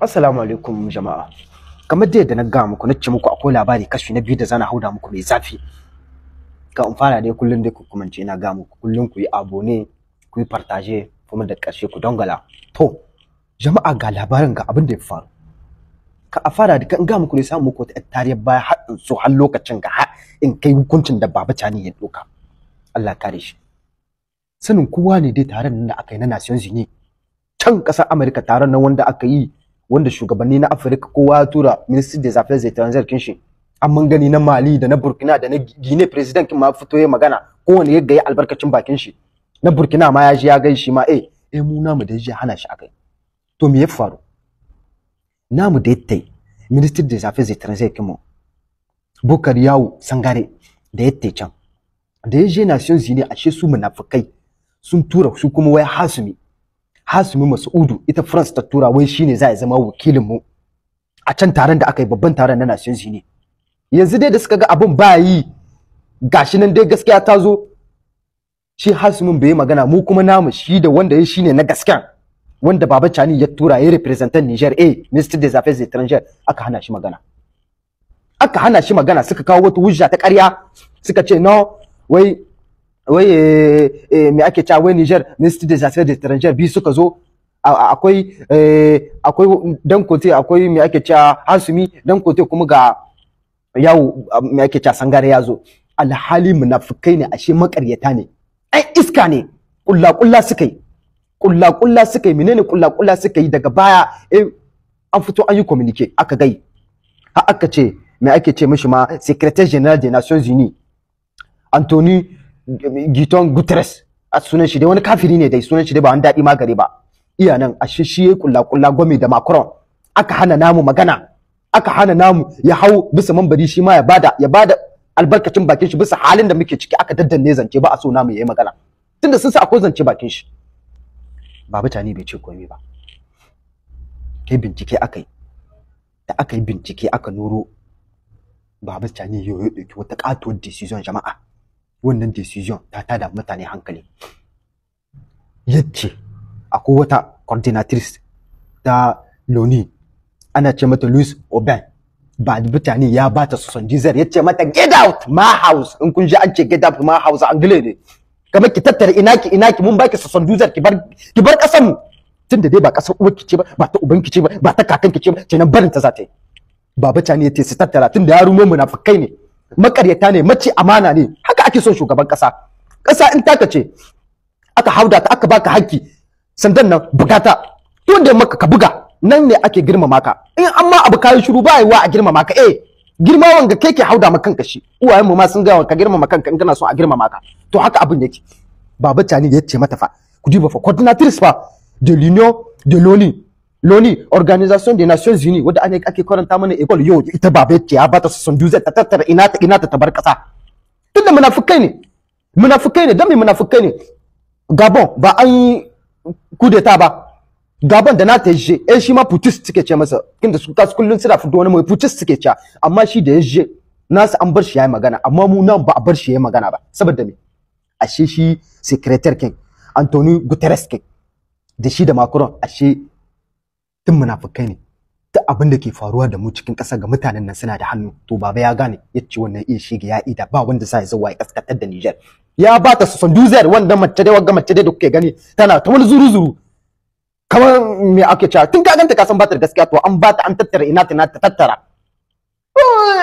Assalamu alaikum jama'a. Kamar dai da na ga muku na ce muku akwai labari kashi na biyu da zana hauda muku mai zafi. Ka in fara dai kullun dai ku kumance ina ga muku kullun ku yi abone ku yi partage kuma da ƙarshe ku dongala. To jama'a ga labarin ga abin da ya faru. Ka a fara da kan ga muku ne samu muku ta tariyar baya har in so har lokacin ga har in kai hukuncin da baba cani ya doka. Allah kare shi. Sanin kowa ne dai taron nan da aka na Nations Union. Can ƙasar Amurka taron nan wanda aka yi wanda shugabanni na Afirka kowa ya tura ministry des affaires étrangères kin shi amma gani na Mali da na Burkina da na Guinea president kin ma fito ya magana kowane ya albarkacin bakin shi na Burkina ma ya ji ya shi ma eh eh mu namu da ya hana shi akai to me ya faru namu da yatta ministry des affaires étrangères kin mu Bukar Yawo Sangare da yatta can da ya je Nations Unies ashe su munafikai sun tura su kuma wai hasumi Hasumi Masudu ita France ta tura wai shine za ya zama wakilin mu a can taron da aka yi babban taron na Nations ne yanzu dai da suka ga abin ba yi gashi nan dai gaskiya ta zo shi Hasumin bai magana mu kuma namu shi da wanda ya shine na gaskiya wanda Baba Chani ya tura ya representant Niger A eh, Minister des Affaires étrangères aka hana shi magana aka hana shi magana suka kawo wata hujja ta ƙarya suka ce no wai wai eh, eh, me ake cewa wai Niger Ministry des Affaires étrangères bi suka zo akwai eh, akwai dan kote akwai me ake cewa Hasumi dan kote kuma ga yawo me ake cewa Sangare ya zo alhali munafikai ne ashe makaryata ne ai iska ne kulla kulla suka yi kulla kulla suka yi menene kulla kulla suka yi daga baya eh an fito an yi communique aka gai Ha aka ce me ake ce mishi ma secretary general des Nations Unies Anthony giton gutres a sunan shi dai wani kafiri ne dai sunan shi dai ba wani daɗi magare ba iya nan a shi ya kulla kulla gwami da macron aka hana namu magana aka hana namu ya hau bisa mambari shi ma ya bada ya bada albarkacin bakin shi bisa halin da muke ciki aka daddanne zance ba a so namu yayi magana tunda sun sa akwai zance bakin shi ba mutane bai ce komai ba kai bincike aka yi da aka yi bincike aka nuro ba mutane yau ya ɗauki wata katuwar decision jama'a wannan decision ta tada mutane hankali yace akwai wata coordinatrice ta loni ana ce mata louis oban ba mutane ya ba ta son dizar ya ce mata get out my house in kun ji an ce get out my house an gile ne kamar ki tattara ina ki ina ki mun baki son dizar ki bar ki bar kasan mu tunda dai ba kasar ki ce ba ba ta ki ce ba ba ta ki ce ba nan barin ta za ta yi baba ta ya ce su tattara tunda ya rumo munafikai ne makaryata ne mace amana ne haka ake son shugaban kasa kasa in taka ce aka hauda ta aka baka hakki sandan nan bugata tun da maka ka buga nan ne ake girmama ka in amma abu kayi shiru ba wa a girmama ka eh girma ga kai ke hauda maka kanka shi uwayen mu ma sun gawa ka girmama kanka in kana so a girmama ka to haka abin yake baba tani ya ce mata fa ku duba fa coordinators fa de l'union de loni loni organisation des nations unies wanda ake karanta mana école yau ita baba ya ce ya bata 72 ta tattara ina ta ina ta tabar kasa duk da munafukai ne munafukai ne don me munafukai ne gabon ba an yi kudeta ba gabon da na ta je eh shi ma putis suke ce masa kin da su kasu kullun suna fudu wani mai putis suke ce amma shi da ya je nasu an bar shi yayi magana amma mu nan ba a bar shi yayi magana ba saboda me ashe shi secretary king Anthony Guterres king da shi da Macron ashe tun munafukai ne ta abin da ke faruwa da mu cikin ƙasa ga mutanen nan suna da hannu to baba ya gane ya ce wannan iya shige ya ida ba wanda sa ya zo ya kaskatar da Niger ya ba ta son duzer wanda mace dai wagga mace dai da kuke gani tana ta wani zuru zuru kamar me ake cewa tun ka ganta ka san ba ta gaskiya to an ba ta an tattara ina ta ta tattara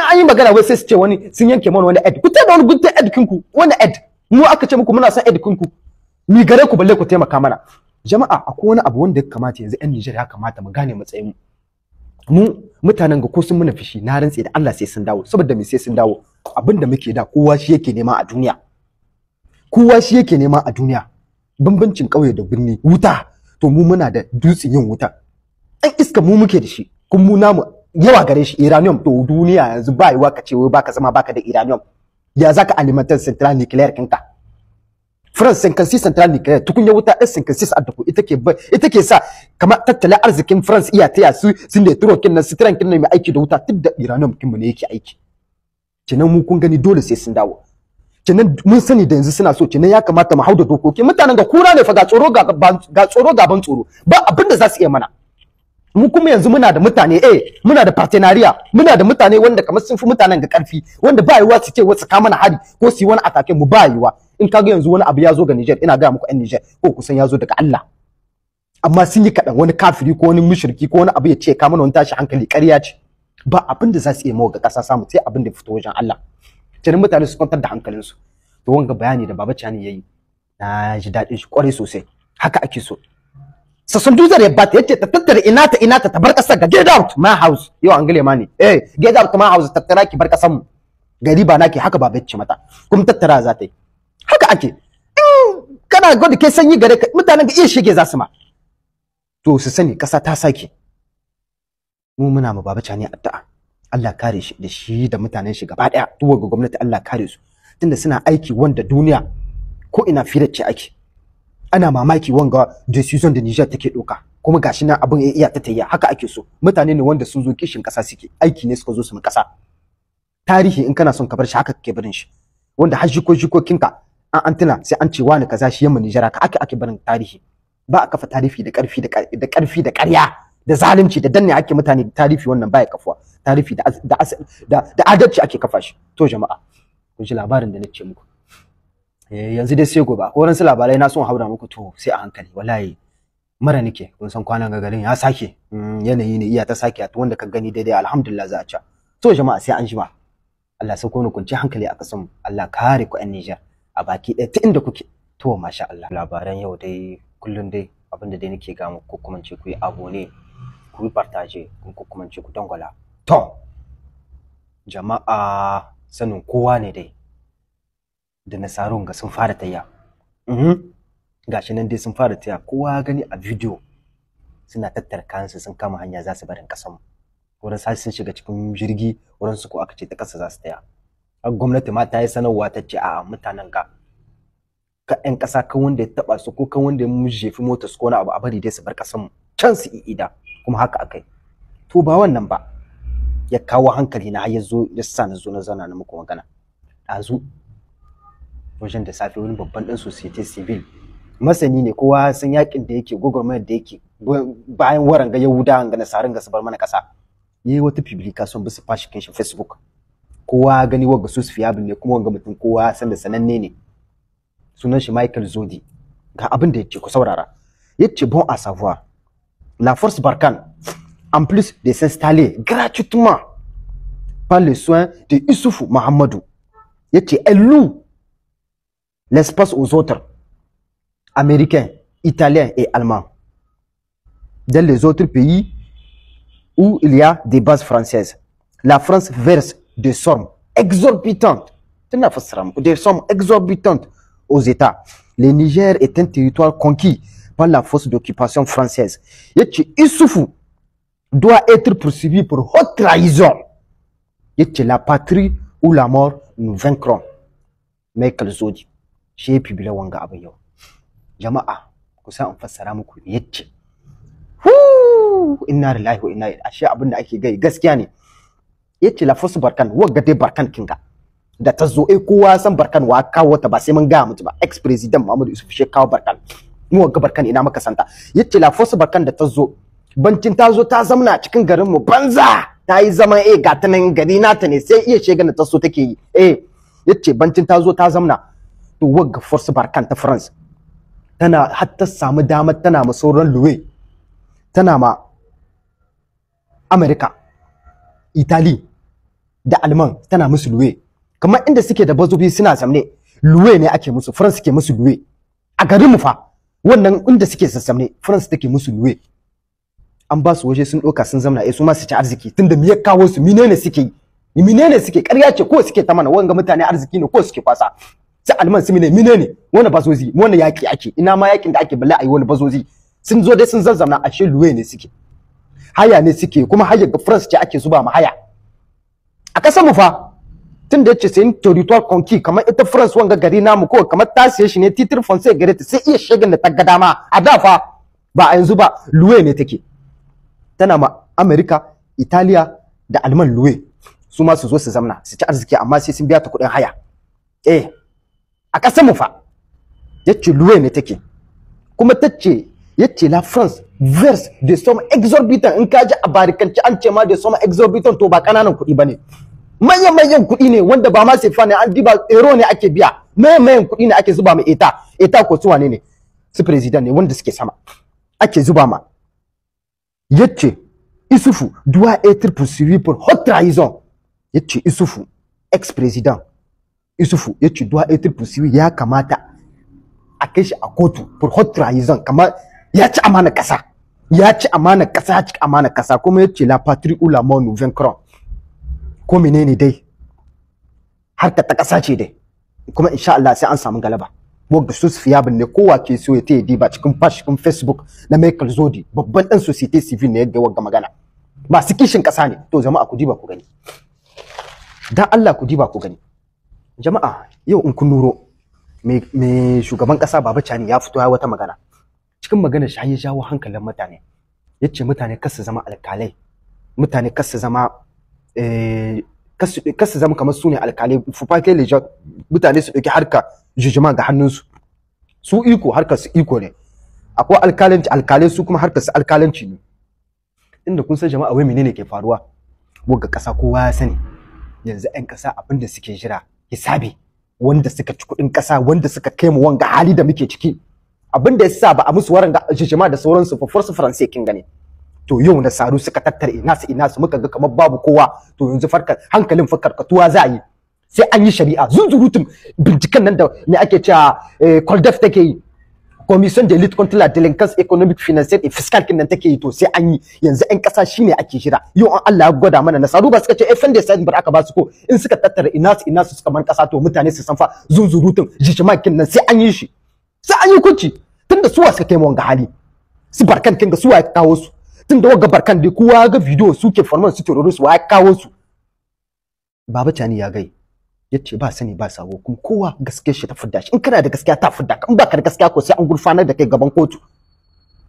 an yi magana wai sai su ce wani sun yanke mana wani ad ku da wani gudun ad kinku wani ad mu aka ce muku muna son ad kinku mi gare ku balle ku taimaka mana jama'a akwai wani abu wanda ya kamata yanzu 'yan Nijar ya kamata mu gane matsayin mu mu mutanen ga ko sun muna fishi na rantse da Allah sai sun dawo saboda me sai sun dawo abinda muke da kowa shi yake nema a duniya kowa shi yake nema a duniya bambancin kauye da birni wuta to mu muna da dutsen yin wuta ɗan iska mu muke da shi kun mu namu yawa gare shi iranium to duniya yanzu ba yiwa ka ce wai baka zama baka da iranium ya zaka alimantar central nuclear kinka France 56 central ne kai tukunya wuta S56 a dako ita ke ita ke sa kamar tattalin arzikin France iya taya su sun da turo kin nan sitiran kin nan mai aiki da wuta duk da Iranium kin mu ne yake aiki kenan mu kun gani dole sai sun dawo kenan mun sani da yanzu suna so kenan ya kamata mu hauda dokoki mutanen da kura ne fa ga tsoro ga ga tsoro ga ban tsoro ba abinda za su iya mana mu kuma yanzu muna da mutane eh muna da partenariya muna da mutane wanda kamar sun fi mutanen ga karfi wanda ba yiwa su ce wasu ka mana hari ko su yi wani atake mu ba yiwa in kaga yanzu wani abu ya zo ga Niger ina ga muku ɗan Niger ko kusan ya zo daga Allah amma sun yi kaɗan wani kafiri ko wani mushriki ko wani abu ya ce ka mana wani tashi hankali ƙarya ce ba abin da za su iya mawa ga ƙasa samu sai abin da fito wajen Allah tunin mutane su kwantar da hankalinsu to wanga bayani da baba cani yayi na ji daɗin shi kwarai sosai haka ake so sassan duzar ya bata yace ta tattara ina ta ina ta bar ƙasar ga get out my house yau an gale ma ne eh get out my house tattara ki bar ƙasar mu gari ba naki haka baba mata kuma tattara za ta yi haka ake in kana gwada kai sanyi gare ka mutanen ga iya shige za su ma to su sani ƙasa ta sake mu muna ma baba cani addu'a Allah kare shi da shi da mutanen shi gaba daya duk ga gwamnati Allah kare su tunda suna aiki wanda duniya ko ina firar ce ake ana mamaki wanga decision da Niger take doka kuma gashi nan abin ya iya ta tayya haka ake so mutane ne wanda sun zo kishin kasa suke aiki ne suka zo su mu kasa tarihi in kana son ka bar shi haka kake barin shi wanda har jiko jikokinka an an tuna sai an ce wani kaza shi yamma nijara ka ake ake barin tarihi ba a kafa tarihi da karfi da karfi da ƙarya da zalunci da danne ake mutane da tarihi wannan baya kafuwa tarihi da da da adalci ake kafa shi to jama'a ku ji labarin da nace muku eh, yanzu dai sai gobe ko su labarai na son haura muku to sai a hankali wallahi mara nake kun san kwanan gagarin ya sake mm, yanayi ne iya ta sake wanda ka gani daidai alhamdulillah za a ci to jama'a sai an jima Allah sauko ni kunci hankali a kasan Allah kare ku 'yan Niger a baki ɗaya ta inda kuke to masha Allah labaran yau dai kullun dai abinda dai nake ga muku kuma ce ku yi ne, ku yi partage ku kuma ce ku dangwala to jama'a sanin kowa ne dai da nasarun ga sun fara tayya mhm. gashi nan dai sun fara taya kowa gani a bidiyo suna tattara kansu sun kama hanya za su barin kasan wurin sai sun shiga cikin jirgi wurin su ko aka ce ta kasa za su taya gwamnati ma ta yi sanarwa ta ce a mutanen ga ka ƴan ƙasa kan wanda ya taɓa su ko kan wanda ya mu jefi motar su ko na abu a bari dai su bar ƙasan mu can su yi ida kuma haka akai to ba wannan ba ya kawo hankali na ya zo ya sa na zo na zauna na muku magana ɗazu wajen da safe wani babban ɗan society civil masani ne kowa san yakin da yake gwagwarmayar da yake bayan waranga yahudawan ga nasarin ga su bar mana ƙasa yayi wata publication bisa fashikin shi facebook kowa gani bon à savoir la force Barkhane en plus de s'installer gratuitement par le soin de Yusuf Mahamadou elle loue l'espace aux autres américains, italiens et allemands dans les autres pays où il y a des bases françaises. La France verse des sommes exorbitantes, des sommes exorbitantes aux États. Le Niger est un territoire conquis par la force d'occupation française. Yetche Issoufou doit être poursuivi pour haute trahison. Yetche la patrie ou la mort, nous vaincrons. Michael Zodi, j'ai publié Wanga Abayo. Jama'a, kusa an fassara muku yetche. Hu! Inna lillahi wa inna ilaihi. Ashe abin da ake gaskiya yace la lafasu barkan wagga dai barkan kinga da ta zo ai eh, kowa san barkan wa kawo ta ba sai mun gaya mutu ba ex president Muhammadu Yusuf shi kawo barkan mu wagga barkan ina maka santa yace la lafasu barkan da ta zo bancin ta zo ta zamna cikin garin mu banza ta yi zama eh ga ta nan gari na ta ne sai iya shegana ta so take yi eh yace bancin ta zo ta zamna to wagga force barkan ta France tana har ta samu dama tana ma sauran Louis tana ma America Italy da alman tana musu luwe kamar inda suke da bazubi suna zamne luwe ne ake musu france ke musu luwe a garin mu fa wannan inda suke sassamne france take musu luwe an ba su waje sun ɗauka sun zamna eh su ma su ci arziki tunda me ya kawo su menene suke yi menene suke ƙarya ce ko suke ta mana wanga mutane arziki ne ko suke kwasa sai alman su mine menene wannan bazozi wannan yaki ake ina ma yakin da ake balla ayi wani bazozi sun zo dai sun zazzamna ashe luwe ne suke haya ne suke kuma haya ga France ce ake zuba ma haya kasa mu fa tun da yace sai territoire conquis kamar ita France wanga gari namu ko kamar ta siye shi ne titir français gare ta sai iya shegin da ta ga a da fa ba a yanzu ba louis ne take tana ma America Italiya da Alman louis su ma su zo su zamna su ci arziki amma sai sun biya ta kuɗin haya eh a kasa mu fa yace louis ne take kuma tace yace la France verse de somme exorbitant in kaji a barikanci an ce ma de somme exorbitant to ba kananan kuɗi bane manyan manyan kuɗi ne wanda ba ma sefa ne an diba ero ne ake biya manyan manyan kuɗi ne ake zuba ma eta eta ko su wane ne su president ne wanda suke sama ake zuba ma yace isufu doit être poursuivi pour haute trahison yace isufu ex president isufu yace doit être poursuivi ya kamata a kai shi a kotu pour haute trahison kama ya ci amana kasa ya ci amana kasa ya ci amana kasa kuma yace la patrie ou la mort nous vaincrons ko menene dai har ta ƙasa ce dai kuma insha Allah sai an samu galaba da su bin ne kowa ke so ya tayi ba cikin fash cikin facebook na Michael Zodi babban dan society civil ne yadda wagga magana masu kishin ƙasa ne to jama'a ku diba ku gani dan Allah ku diba ku gani jama'a yau in kun nuro me shugaban ƙasa Baba Cani ya fito ya wata magana cikin maganar shi ya jawo hankalin mutane yace mutane kar su zama alkalai mutane kar su zama Eh, kasu zama kamar su ne alkalai fufake leja mutane su ɗauki harka jujjuma ga hannunsu su iko harkar su iko ne akwai alkalanci alkalai su kuma harkar su alkalanci ne inda kun san jama'a wai menene ke faruwa wagga ƙasa kowa ya sani yanzu 'yan ƙasa abin da suke jira hisabi wanda suka ci kuɗin ƙasa wanda suka kai mu wanga hali da muke ciki abin da ya sa ba a musu waran jijima da sauransu fufur su faransa kin gane to yau na saru suka tattara ina su ina su muka ga kamar babu kowa to yanzu farka hankalin fa karkatuwa za a yi sai an yi shari'a zunzurutun binciken nan da me ake cewa eh, coldef take yi commission de lutte contre la délinquance économique financière et fiscale kin nan take yi to sai an yi yanzu ƴan ƙasa shine ake shira yau an Allah ya gwada mana nasaru ba suka ce eh fende sai bar aka ba su ko in suka tattara ina su ina su suka man ƙasa to mutane su san fa zunzurutun jishimakin nan sai an yi shi sai an yi kunci, tunda suwa suka kai mu wanga hali su barkan kin ga suwa ya kawo su tunda da wagga barkan da kowa ga bidiyo suke farman su teroro su wa kawo su baba tani ya gai yace ba sani ba sabo kuma kowa gaskiyar shi ta fudda shi in kana da gaskiya ta fudda in baka da gaskiya ko sai an gurfanar da kai gaban kotu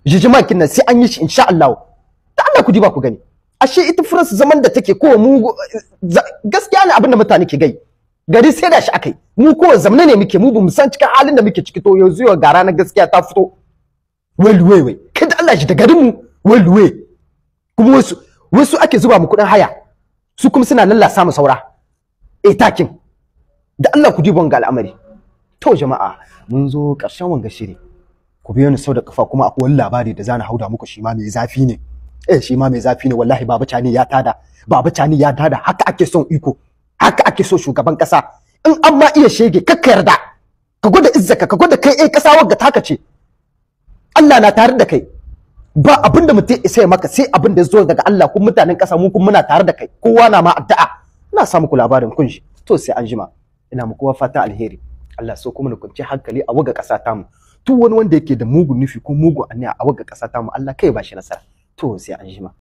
jijiman kin nan sai an yi shi insha Allah ta Allah ku ji ba ku gani ashe ita France zaman da take kowa mu gaskiya ne abin da mutane ke gai gari sai da shi akai mu kowa zamne ne muke mu bamu san cikin halin da muke ciki to yanzu yau gara na gaskiya ta fito wai wai wai kada Allah shi da garin mu world kuma wasu wasu ake zuba mu kuɗin haya su kuma suna lalla mu saura eh takin da Allah ku dibon ga al'amari to jama'a mun zo ƙarshen wanga shiri ku biyo ni sau da kafa kuma akwai labari da zana hauda muku shi ma mai zafi ne eh shi ma mai zafi ne wallahi baba cani ya tada baba cani ya tada haka ake son iko haka ake so shugaban kasa in an ma iya shege kakka yarda ka gwada izzaka ka gwada kai eh kasa wagga taka ce Allah na tare da kai ba abin da mutum isa maka sai abin da zo daga Allah kun mutanen ƙasa mu kun muna tare da kai kowa na ma addu'a ina samu muku labarin kun shi to sai an jima ina muku wa fata alheri Allah so kuma kunci hankali a waga ƙasa mu to wani wanda yake da mugun nufi ko mugun aniya a waga ƙasa mu Allah kai ba shi nasara to sai an jima